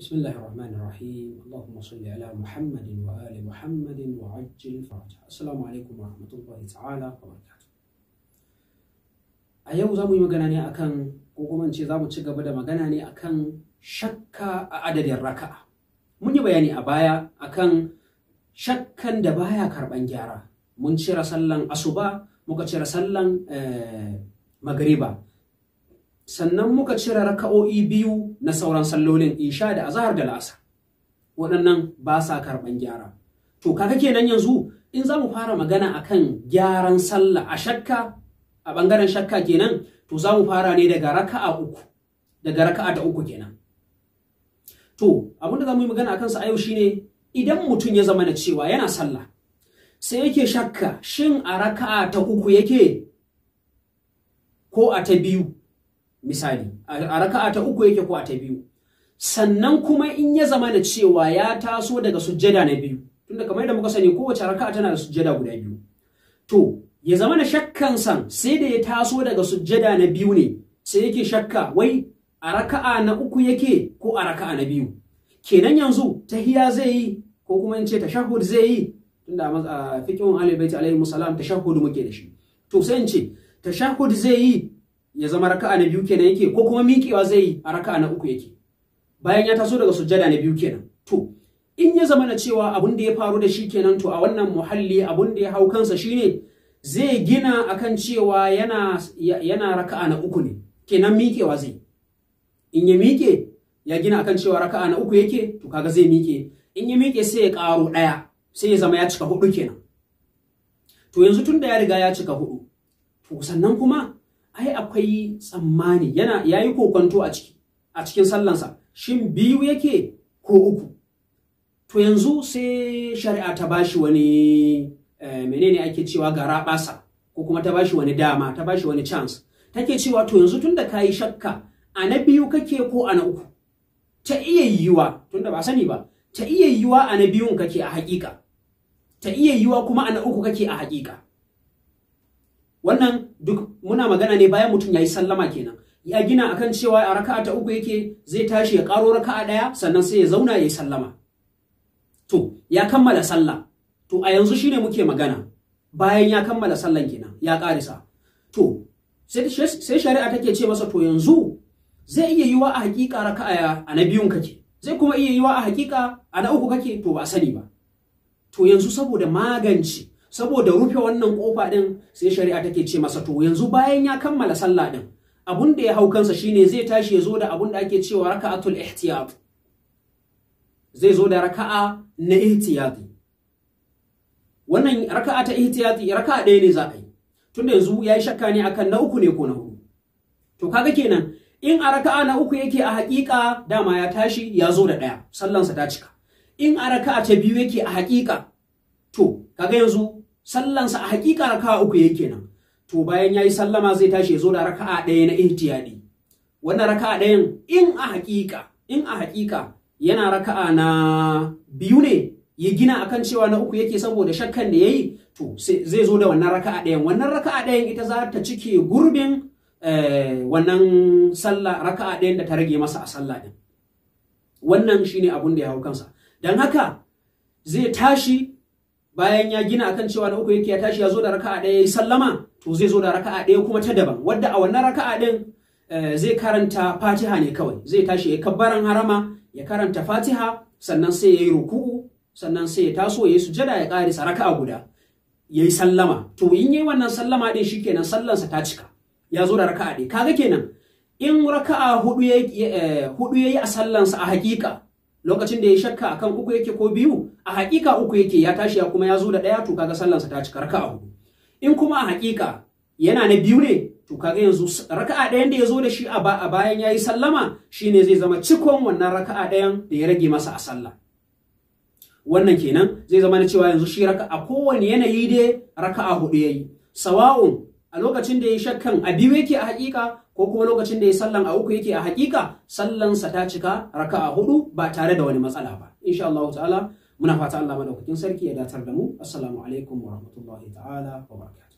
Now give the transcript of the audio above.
بسم الله الرحمن الرحيم اللهم صل على محمد وآل محمد وعجل فرجه السلام عليكم ورحمة الله تعالى وبركاته a yau za mu yi magana ne akan ko kuma za mu ci gaba da magana ne akan shakka a adadin raka'a mun yi bayani a baya akan shakkan da baya karban gyara mun cire sallan asuba muka cire sallan eh, magariba sannan muka cire raka'o'i biyu na sauran sallolin isha da azahar da la'asar waɗannan ba sa karɓan gyara to kaga kenan yanzu in za mu fara magana akan gyaran sallah a shakka a ɓangaren shakka kenan to za mu fara ne daga raka'a uku daga raka'a ta uku kenan to abin da za mu yi magana akan sa a yau shine idan mutum ya zama da cewa yana sallah sai yake shakka shin a raka'a ta uku yake ko a ta biyu misali a raka'a ta uku yake ko a ta biyu sannan kuma in ya zama na cewa ya taso daga sujjada na biyu tunda kamar yadda muka sani kowace raka'a tana da sujjada guda biyu to ya zama na shakkan san sai da ya taso daga sujjada na biyu ne sai yake shakka wai a raka'a na uku yake ko a raka'a na biyu kenan yanzu tahiya zai yi ko kuma in ce tashahhud zai yi tunda a fikin alibaiti alaihi musallam tashahhud muke da shi to sai in ce tashahud zai yi ya zama raka'a na biyu kenan yake ko kuma miƙewa zai yi a raka'a na uku yake bayan ya taso daga sujjada na biyu kenan to in ya zama na cewa abun da ya faru da shi kenan to a wannan muhalli abun da ya hau kansa shine zai gina akan cewa yana yana raka'a na uku ne kenan miƙewa zai in ya miƙe ya gina akan cewa raka'a na uku yake to kaga zai miƙe in ya miƙe sai ya ƙaro ɗaya sai ya zama ya cika hudu kenan to yanzu tun da ya riga ya cika hudu to sannan kuma ai akwai tsammani yana yayi kokonto a ciki a cikin sallansa shin biyu yake ko uku to yanzu sai shari'a ta bashi wani eh, menene ake cewa gara basa ko kuma ta bashi wani dama ta bashi wani chance take cewa to yanzu tunda kayi shakka a na biyu kake ko a na uku ta iya yiwa tunda ba sani ba ta iya yiwa a na biyun kake a hakika ta iya yiwa kuma a na uku kake a hakika wannan duk muna magana ne bayan mutum ya yi sallama kenan ya gina akan cewa a raka'a ta uku yake zai tashi ya karo raka'a daya sannan sai ya zauna ya yi sallama to ya kammala sallah to a yanzu shine muke magana bayan ya kammala sallan kenan ya karisa to sai shari'a take ce masa to yanzu zai iya yiwa a hakika raka'a a na biyun kake zai kuma iya yiwa a hakika a na uku kake to ba sani ba to yanzu saboda magance saboda rufe wannan kofa din sai shari'a take ce masa to yanzu bayan ya kammala sallah din abun da ya hau kansa shine zai tashi ya zo da abun da ake cewa raka'atul ihtiyat zai zo da raka'a na ihtiyat wannan raka'a ta ihtiyat raka'a ɗaya ne za a yi tunda yanzu ya yi shakka ne akan na uku ne ko na hudu to kaga kenan in a raka'a na uku yake a haƙiƙa dama ya tashi ya zo da ɗaya sallansa ta cika in a raka'a ta biyu yake a haƙiƙa to kaga yanzu sallansa a hakika raka'a uku yake nan. to bayan yayi sallama zai tashi ya zo da raka'a ɗaya na ihtiyadi wannan raka'a ɗayan in a hakika in a hakika yana raka'a na biyu ne ya gina akan cewa na uku yake saboda shakkan da yayi to zai zo da wannan raka'a ɗayan wannan raka'a ɗayan ita za ta cike gurbin eh, wannan sallah raka'a ɗayan da ta rage masa a sallah ɗin wannan shine abun da ya hau kansa Dan haka zai tashi bayan ya gina akan cewa na uku yake ya tashi ya zo da raka'a ɗaya ya sallama to zai zo da raka'a ɗaya kuma ta daban wadda a wannan raka'a ɗin eh, zai karanta fatiha ne kawai zai tashi ya kabbaran harama ya karanta fatiha sannan sai ya yi ruku'u sannan sai ya taso ya yi sujada ya ƙarisa raka'a guda ya yi sallama to in yi wannan sallama ɗin shikenan sallansa ta cika ya zo da raka'a ɗaya kaga kenan in raka'a hudu ya eh, yi a sallansa a hakika lokacin da ya shakka akan uku yake ko biyu a hakika uku yake ya tashi ya kuma ya zo da ɗaya to kaga sallansa ta cika raka'a hudu in kuma a hakika yana na biyu ne to kaga yanzu raka'a ɗayan da ya zo da shi a bayan ya yi sallama shine zai zama cikon wannan raka'a ɗayan da ya rage masa a sallah wannan kenan zai zama na cewa yanzu shi raka'a kowane yanayi dai raka'a hudu yayi sawa'un a lokacin da ya shakkan a biyu yake a hakika ko kuma lokacin da ya sallan a uku yake a hakika sallansa ta cika raka'a hudu ba tare da wani matsala ba insha Allah ta'ala muna fata Allah madaukakin sarki ya datar da mu assalamu alaikum wa rahmatullahi ta'ala wa barakatuh